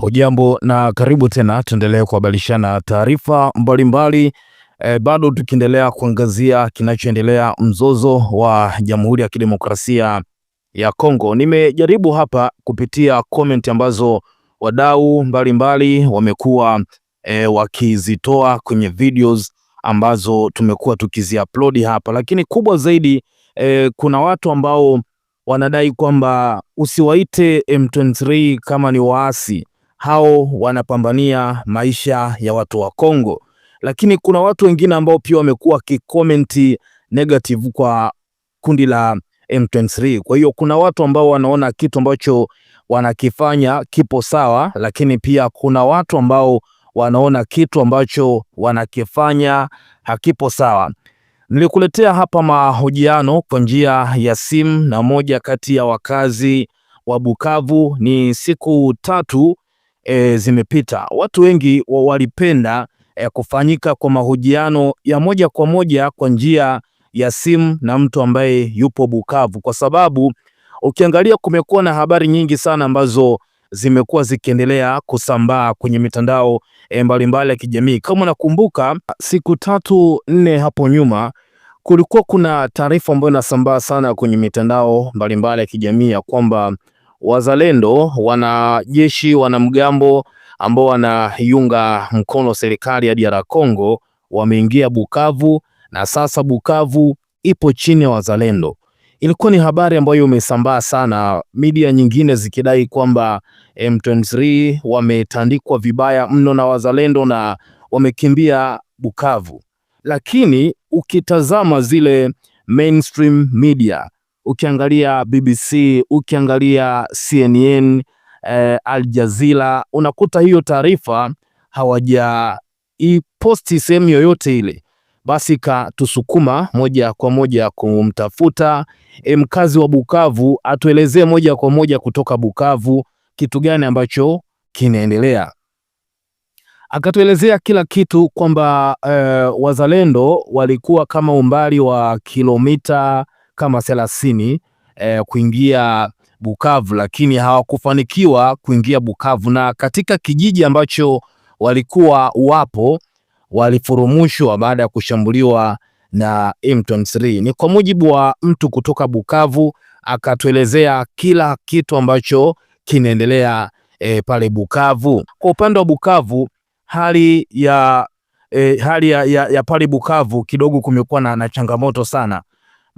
Hujambo na karibu tena, tuendelee kuhabarishana taarifa mbalimbali e, bado tukiendelea kuangazia kinachoendelea, mzozo wa Jamhuri ya Kidemokrasia ya Kongo. Nimejaribu hapa kupitia comment ambazo wadau mbalimbali wamekuwa e, wakizitoa kwenye videos ambazo tumekuwa tukiziupload hapa, lakini kubwa zaidi e, kuna watu ambao wanadai kwamba usiwaite M23 kama ni waasi hao wanapambania maisha ya watu wa Kongo, lakini kuna watu wengine ambao pia wamekuwa wakikomenti negative kwa kundi la M23. Kwa hiyo kuna watu ambao wanaona kitu ambacho wanakifanya kipo sawa, lakini pia kuna watu ambao wanaona kitu ambacho wanakifanya hakipo sawa. Nilikuletea hapa mahojiano kwa njia ya simu na moja kati ya wakazi wa Bukavu. Ni siku tatu e, zimepita. Watu wengi walipenda e, kufanyika kwa mahojiano ya moja kwa moja kwa njia ya simu na mtu ambaye yupo Bukavu, kwa sababu ukiangalia kumekuwa na habari nyingi sana ambazo zimekuwa zikiendelea kusambaa kwenye mitandao e, mbalimbali ya kijamii. Kama nakumbuka siku tatu nne hapo nyuma, kulikuwa kuna taarifa ambayo inasambaa sana kwenye mitandao mbalimbali ya kijamii ya kwamba wazalendo, wanajeshi, wanamgambo ambao wanaiunga mkono serikali ya DR Congo wameingia Bukavu na sasa Bukavu ipo chini ya wazalendo. Ilikuwa ni habari ambayo imesambaa sana, media nyingine zikidai kwamba M23 wametandikwa vibaya mno na wazalendo na wamekimbia Bukavu, lakini ukitazama zile mainstream media ukiangalia BBC, ukiangalia CNN, eh, Al Jazeera, unakuta hiyo taarifa hawajaiposti sehemu yoyote ile. Basi katusukuma moja kwa moja kumtafuta mkazi wa Bukavu atuelezee moja kwa moja kutoka Bukavu kitu gani ambacho kinaendelea. Akatuelezea kila kitu kwamba e, wazalendo walikuwa kama umbali wa kilomita kama thelathini eh, kuingia Bukavu, lakini hawakufanikiwa kuingia Bukavu, na katika kijiji ambacho walikuwa wapo walifurumushwa baada ya kushambuliwa na M23. Ni kwa mujibu wa mtu kutoka Bukavu akatuelezea kila kitu ambacho kinaendelea e, pale Bukavu. Kwa upande wa Bukavu hali ya e, hali ya, ya, ya pale Bukavu kidogo kumekuwa na, na changamoto sana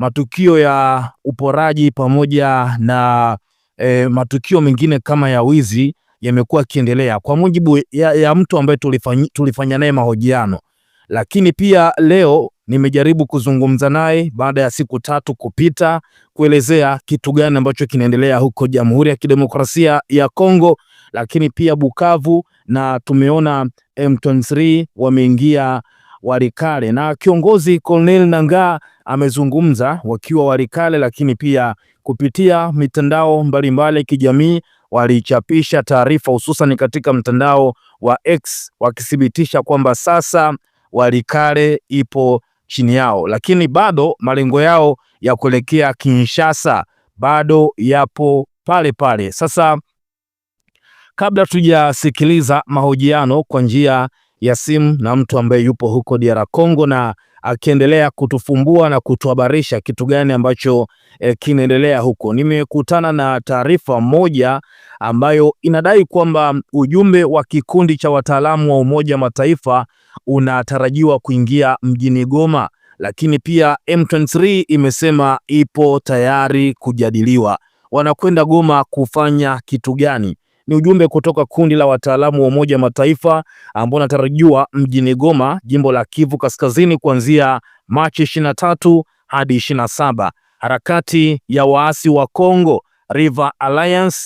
matukio ya uporaji pamoja na e, matukio mengine kama ya wizi yamekuwa yakiendelea kwa mujibu ya, ya mtu ambaye tulifanya, tulifanya naye mahojiano, lakini pia leo nimejaribu kuzungumza naye baada ya siku tatu kupita kuelezea kitu gani ambacho kinaendelea huko Jamhuri ya Kidemokrasia ya Kongo, lakini pia Bukavu na tumeona M23 wameingia Walikale. Na kiongozi Corneille Nangaa amezungumza wakiwa Walikale, lakini pia kupitia mitandao mbalimbali kijamii walichapisha taarifa hususan katika mtandao wa X wakithibitisha kwamba sasa Walikale ipo chini yao, lakini bado malengo yao ya kuelekea Kinshasa bado yapo pale pale. Sasa kabla tujasikiliza mahojiano kwa njia ya simu na mtu ambaye yupo huko DR Congo na akiendelea kutufumbua na kutuhabarisha kitu gani ambacho eh, kinaendelea huko. Nimekutana na taarifa moja ambayo inadai kwamba ujumbe wa kikundi cha wataalamu wa Umoja Mataifa unatarajiwa kuingia mjini Goma, lakini pia M23 imesema ipo tayari kujadiliwa. Wanakwenda Goma kufanya kitu gani? Ni ujumbe kutoka kundi la wataalamu wa Umoja wa Mataifa ambao unatarajiwa mjini Goma, jimbo la Kivu Kaskazini, kuanzia Machi 23 hadi 27. Harakati ya waasi wa Congo River Alliance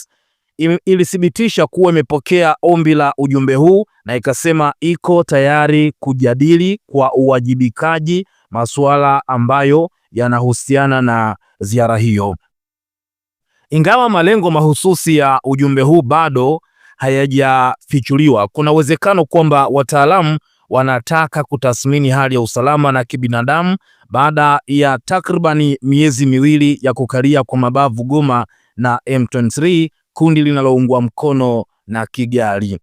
ilithibitisha kuwa imepokea ombi la ujumbe huu na ikasema iko tayari kujadili kwa uwajibikaji masuala ambayo yanahusiana na ziara hiyo. Ingawa malengo mahususi ya ujumbe huu bado hayajafichuliwa, kuna uwezekano kwamba wataalamu wanataka kutathmini hali ya usalama na kibinadamu baada ya takribani miezi miwili ya kukalia kwa mabavu Goma na M23, kundi linaloungwa mkono na Kigali.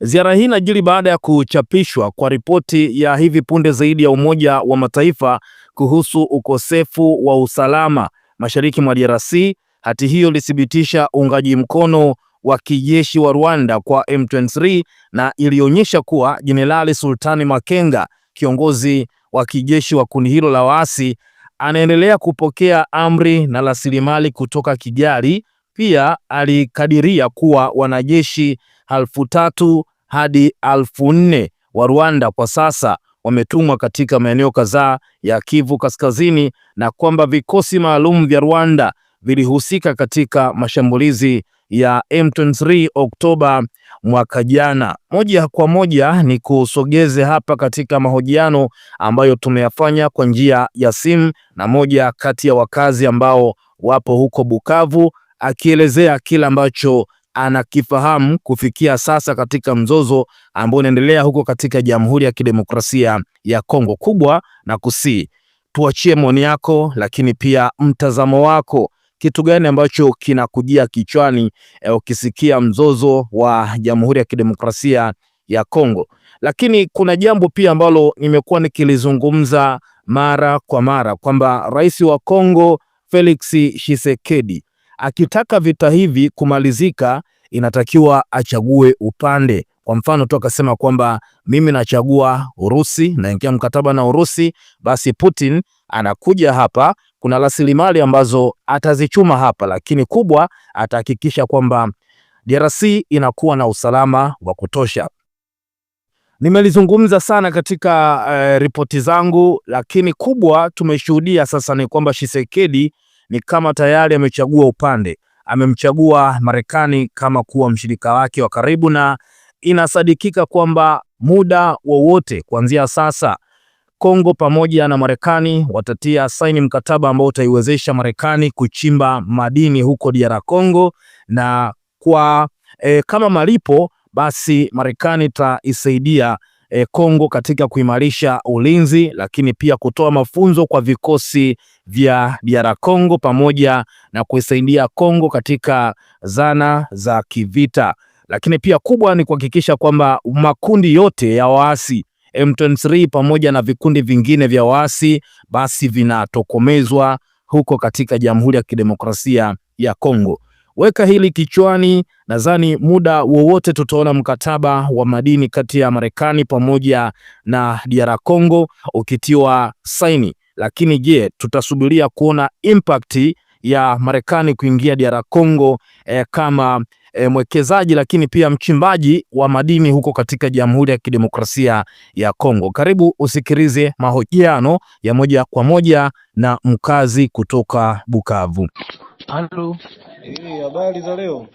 Ziara hii inajiri baada ya kuchapishwa kwa ripoti ya hivi punde zaidi ya Umoja wa Mataifa kuhusu ukosefu wa usalama mashariki mwa DRC. Hati hiyo ilithibitisha uungaji mkono wa kijeshi wa Rwanda kwa M23 na ilionyesha kuwa Jenerali Sultani Makenga, kiongozi wa kijeshi wa kundi hilo la waasi, anaendelea kupokea amri na rasilimali kutoka Kigali. Pia alikadiria kuwa wanajeshi elfu tatu hadi elfu nne wa Rwanda kwa sasa wametumwa katika maeneo kadhaa ya Kivu Kaskazini na kwamba vikosi maalum vya Rwanda vilihusika katika mashambulizi ya M23 Oktoba mwaka jana. Moja kwa moja ni kusogeze hapa katika mahojiano ambayo tumeyafanya kwa njia ya simu na moja kati ya wakazi ambao wapo huko Bukavu akielezea kile ambacho anakifahamu kufikia sasa katika mzozo ambao unaendelea huko katika Jamhuri ya Kidemokrasia ya Kongo kubwa na kusi Tuachie maoni yako, lakini pia mtazamo wako, kitu gani ambacho kinakujia kichwani eh, ukisikia mzozo wa Jamhuri ya Kidemokrasia ya Kongo? Lakini kuna jambo pia ambalo nimekuwa nikilizungumza mara kwa mara kwamba rais wa Kongo Felix Tshisekedi akitaka vita hivi kumalizika, inatakiwa achague upande. Kwa mfano tu akasema kwamba mimi nachagua Urusi, naingia mkataba na Urusi, basi Putin anakuja hapa, kuna rasilimali ambazo atazichuma hapa, lakini kubwa atahakikisha kwamba DRC inakuwa na usalama wa kutosha. Nimelizungumza sana katika uh, ripoti zangu, lakini kubwa tumeshuhudia sasa ni kwamba Tshisekedi ni kama tayari amechagua upande, amemchagua Marekani kama kuwa mshirika wake wa karibu, na inasadikika kwamba muda wowote kuanzia sasa Kongo pamoja na Marekani watatia saini mkataba ambao utaiwezesha Marekani kuchimba madini huko DR Congo, na kwa e, kama malipo basi Marekani itaisaidia e, Kongo katika kuimarisha ulinzi, lakini pia kutoa mafunzo kwa vikosi vya DR Congo pamoja na kuisaidia Kongo katika zana za kivita, lakini pia kubwa ni kuhakikisha kwamba makundi yote ya waasi M23 pamoja na vikundi vingine vya waasi basi vinatokomezwa huko katika Jamhuri ya Kidemokrasia ya Kongo. Weka hili kichwani, nadhani muda wowote tutaona mkataba wa madini kati ya Marekani pamoja na DR Congo ukitiwa saini, lakini je, tutasubiria kuona impact ya Marekani kuingia DR Congo eh, kama eh, mwekezaji lakini pia mchimbaji wa madini huko katika Jamhuri ya Kidemokrasia ya Kongo. Karibu usikilize mahojiano ya moja kwa moja na mkazi kutoka Bukavu. Halo. Eh, habari za leo?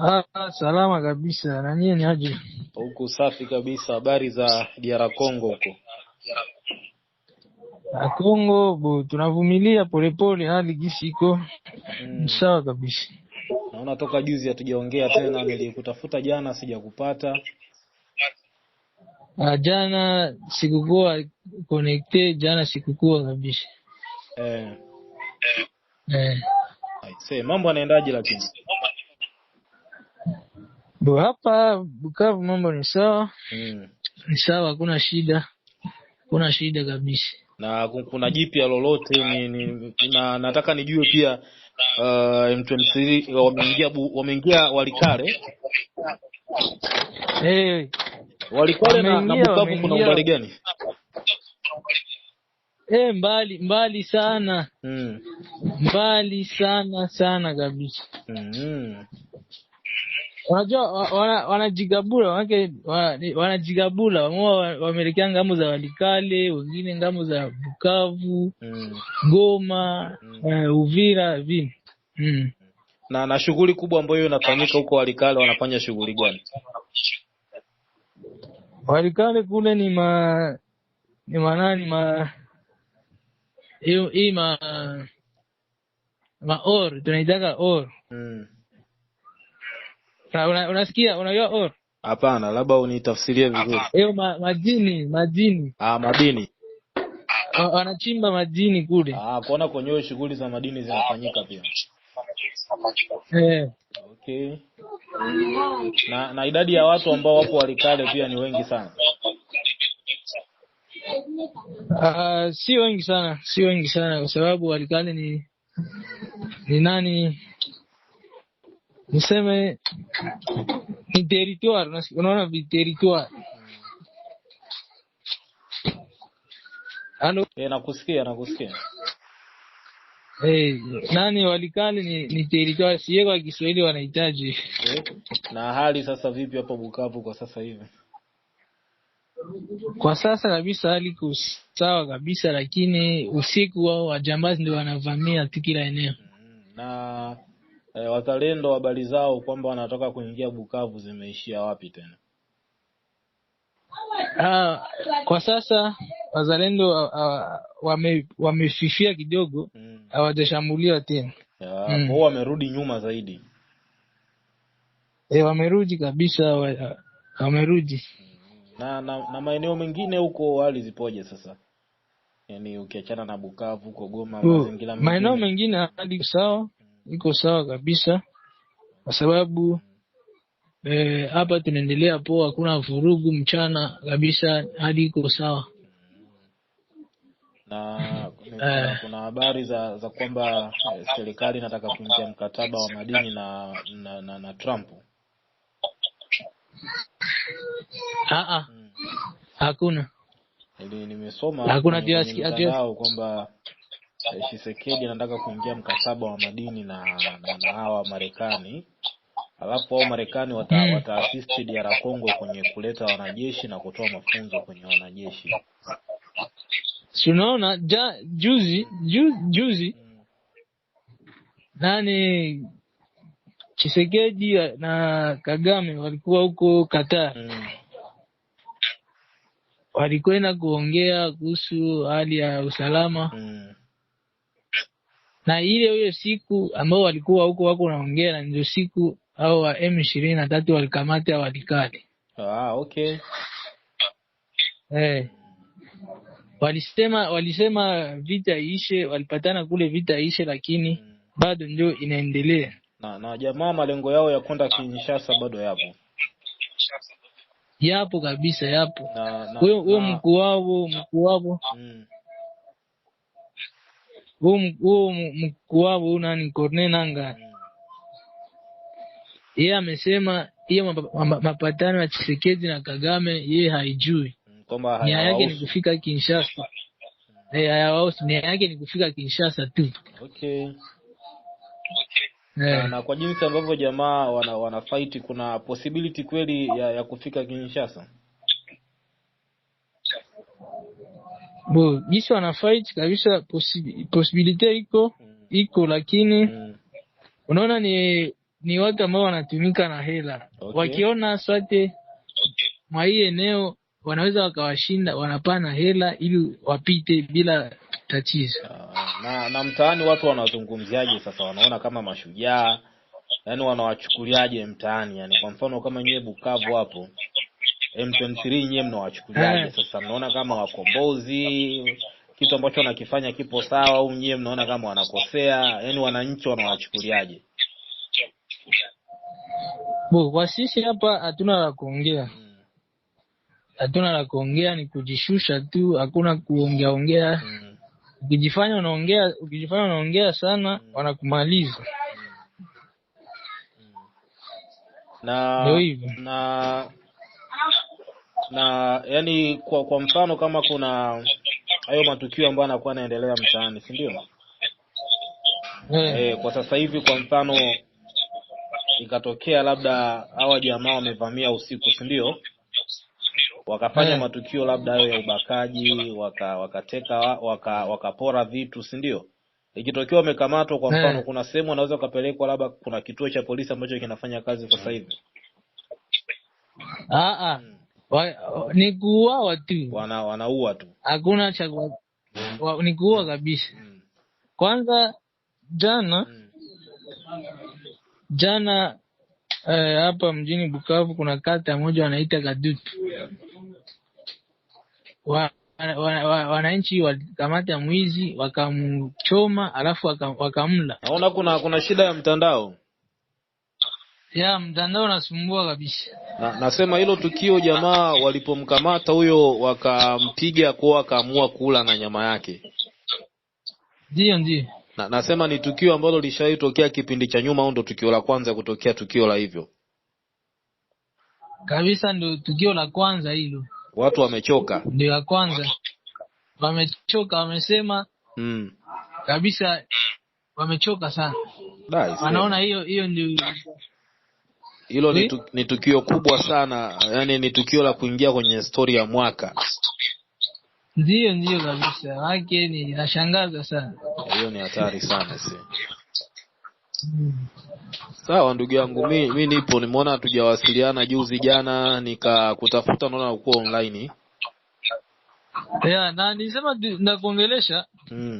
Ha, salama kabisa. Na nyinyi aje? Huko safi kabisa. Habari za DR Congo huko? Na Congo bo tunavumilia polepole hali gisi iko mm. Sawa kabisa. Naona toka juzi hatujaongea tena, nilikutafuta jana sijakupata. Ah, jana sikukuwa connected, jana sikukuwa kabisa. Eh. Eh. Aise, mambo yanaendaje lakini? Bo, hapa Bukavu mambo ni sawa. Mm. Ni sawa, hakuna shida, hakuna shida kabisa. Na kuna jipya lolote ni, ni, na nataka nijue pia uh, M23 wameingia wameingia Walikale. Hey, Walikale na, na Bukavu kuna umbali gani? Eh, mbali mbali sana mm. mbali sana sana kabisa mm. Unajua wanajigabula wana manake wanajigabula wana wamoa wameelekea wa za Walikale, wengine ngamo za Bukavu mm. Goma mm. Uh, Uvira vini mm. na na shughuli kubwa ambayo inafanyika huko Walikale, wanafanya shughuli gani Walikale kule? Ni ma ni manani ma hii ma ma or tunaitaga or mm. unasikia una unajua or hapana labda unitafsirie vizuri hiyo ma, majini majini ah madini wanachimba madini kule ah kuona kwenye hiyo shughuli za madini zinafanyika pia eh okay na na idadi ya watu ambao wapo Walikale pia ni wengi sana Uh, si wengi sana, si wengi sana kwa sababu Alikali ni ni nani, niseme ni territoire, unaona viterritoire. Halo, eh, nakusikia, nakusikia. Hey, eh, nani Walikali ni, ni territoire siye, kwa Kiswahili wanahitaji. Okay. Eh, na hali sasa vipi hapo Bukavu kwa sasa hivi? Kwa sasa kabisa hali kusawa kabisa, lakini usiku wao wajambazi ndio wanavamia tu kila eneo mm, na e, wazalendo habari zao kwamba wanatoka kuingia Bukavu zimeishia wapi tena? Ha, ah, kwa sasa wazalendo ah, ah, wamefifia wame kidogo, mm. hawajashambuliwa mm. tena mm. wamerudi nyuma zaidi e, wamerudi kabisa, wamerudi hmm na na, na maeneo mengine huko hali zipoje sasa? yani ukiachana na Bukavu huko Goma, oh, mazingira mengine, maeneo mengine hali sawa, iko sawa kabisa, kwa sababu eh, hapa eh, tunaendelea poa, hakuna vurugu mchana kabisa, hadi iko sawa na kuna, eh. kuna habari za za kwamba eh, serikali inataka kuingia mkataba wa madini na na, na, na Trump. Ah, ah. Hmm. Hakuna ili nimesoma hakuna mtandao kwamba Tshisekedi anataka kuingia mkataba wa madini na na, na hawa Marekani, alafu hao Marekani wata, hmm. wata assist DR Congo kwenye kuleta wanajeshi na kutoa mafunzo kwenye wanajeshi. Si unaona juzi juzi, juzi. Hmm. nani chisekedi na Kagame walikuwa huko Qatar mm. walikwenda kuongea kuhusu hali ya usalama mm. na ile hiyo siku ambao walikuwa huko wako naongea na ndio siku au wa M ishirini na tatu walikamata walikali ah, okay. Hey. Eh. Walisema walisema vita iishe walipatana kule vita iishe lakini mm. bado ndio inaendelea na na jamaa malengo yao ya kwenda Kinshasa bado yapo yapo kabisa, yapo huyo mkuu wao mkuu wao mm. huyo mkuu wao nani Corne Nanga mm. Yeye amesema hiyo mapatano ya Chisekedi na Kagame yeye haijui mm, kwamba nia yake ni kufika Kinshasa. Mm. Eh, nia yake ni kufika Kinshasa tu. Okay. Eh. na kwa jinsi ambavyo jamaa wana, wana fight kuna possibility kweli ya, ya kufika Kinshasa bo jinsi wana fight kabisa posi, posibilite iko mm. iko lakini mm. unaona ni ni watu ambao wanatumika na hela okay. wakiona swate mwa hii eneo wanaweza wakawashinda wanapana hela ili wapite bila tatizo uh na na mtaani watu wanazungumziaje sasa? Wanaona kama mashujaa, yani wanawachukuliaje mtaani? Yani kwa mfano kama nyewe Bukavu hapo M23 nyewe mnawachukuliaje eh. sasa? Mnaona kama wakombozi, kitu ambacho wanakifanya kipo sawa, au nyewe mnaona kama wanakosea? yani wananchi wanawachukuliaje? Bo, kwa sisi hapa hatuna la kuongea, hmm. hatuna la kuongea, ni kujishusha tu, hakuna kuongea ongea mm. Ukijifanya unaongea ukijifanya unaongea sana mm. wanakumaliza mm. na, na na yani kwa kwa mfano kama kuna hayo matukio ambayo yanakuwa yanaendelea mtaani, si ndio? Yeah. E, eh, kwa sasa hivi kwa mfano ikatokea labda hawa jamaa wamevamia usiku, si ndio? wakafanya yeah. matukio labda hayo ya ubakaji waka, wakateka waka, wakapora vitu si ndio? Ikitokea wamekamatwa kwa mfano yeah. kuna sehemu wanaweza ukapelekwa labda kuna kituo cha polisi ambacho kinafanya kazi kwa sasa hivi ah, ah. hmm. ni kuuawa tu, wana wanaua tu, hakuna cha hmm. ni kuua kabisa hmm. Kwanza jana hmm. jana eh, hapa eh, mjini Bukavu kuna kata moja wanaita Kadutu wananchi wa, walikamata mwizi wakamchoma, alafu wakamla. Naona kuna kuna shida ya mtandao ya mtandao unasumbua kabisa. Na, nasema hilo tukio, jamaa walipomkamata huyo wakampiga kwa wakaamua kula na nyama yake. Ndio, ndio na, nasema ni tukio ambalo lishawahi tokea kipindi cha nyuma, au ndo tukio la kwanza kutokea tukio la hivyo kabisa? Ndo tukio la kwanza hilo watu wamechoka, ndio ya kwanza wamechoka, wamesema mm. kabisa wamechoka sana, wanaona hiyo hiyo ndio hilo ni, eh? tu, ni tukio kubwa sana yani, ni tukio la kuingia kwenye stori ya mwaka. ndio ndio kabisa, wake ni inashangaza sana. Hiyo ni hatari sana si. Hmm. Sawa ndugu yangu, mi, mi nipo, nimeona hatujawasiliana juzi jana, nikakutafuta naona uko online. Yeah, na nisema tunavyoongelesha mm.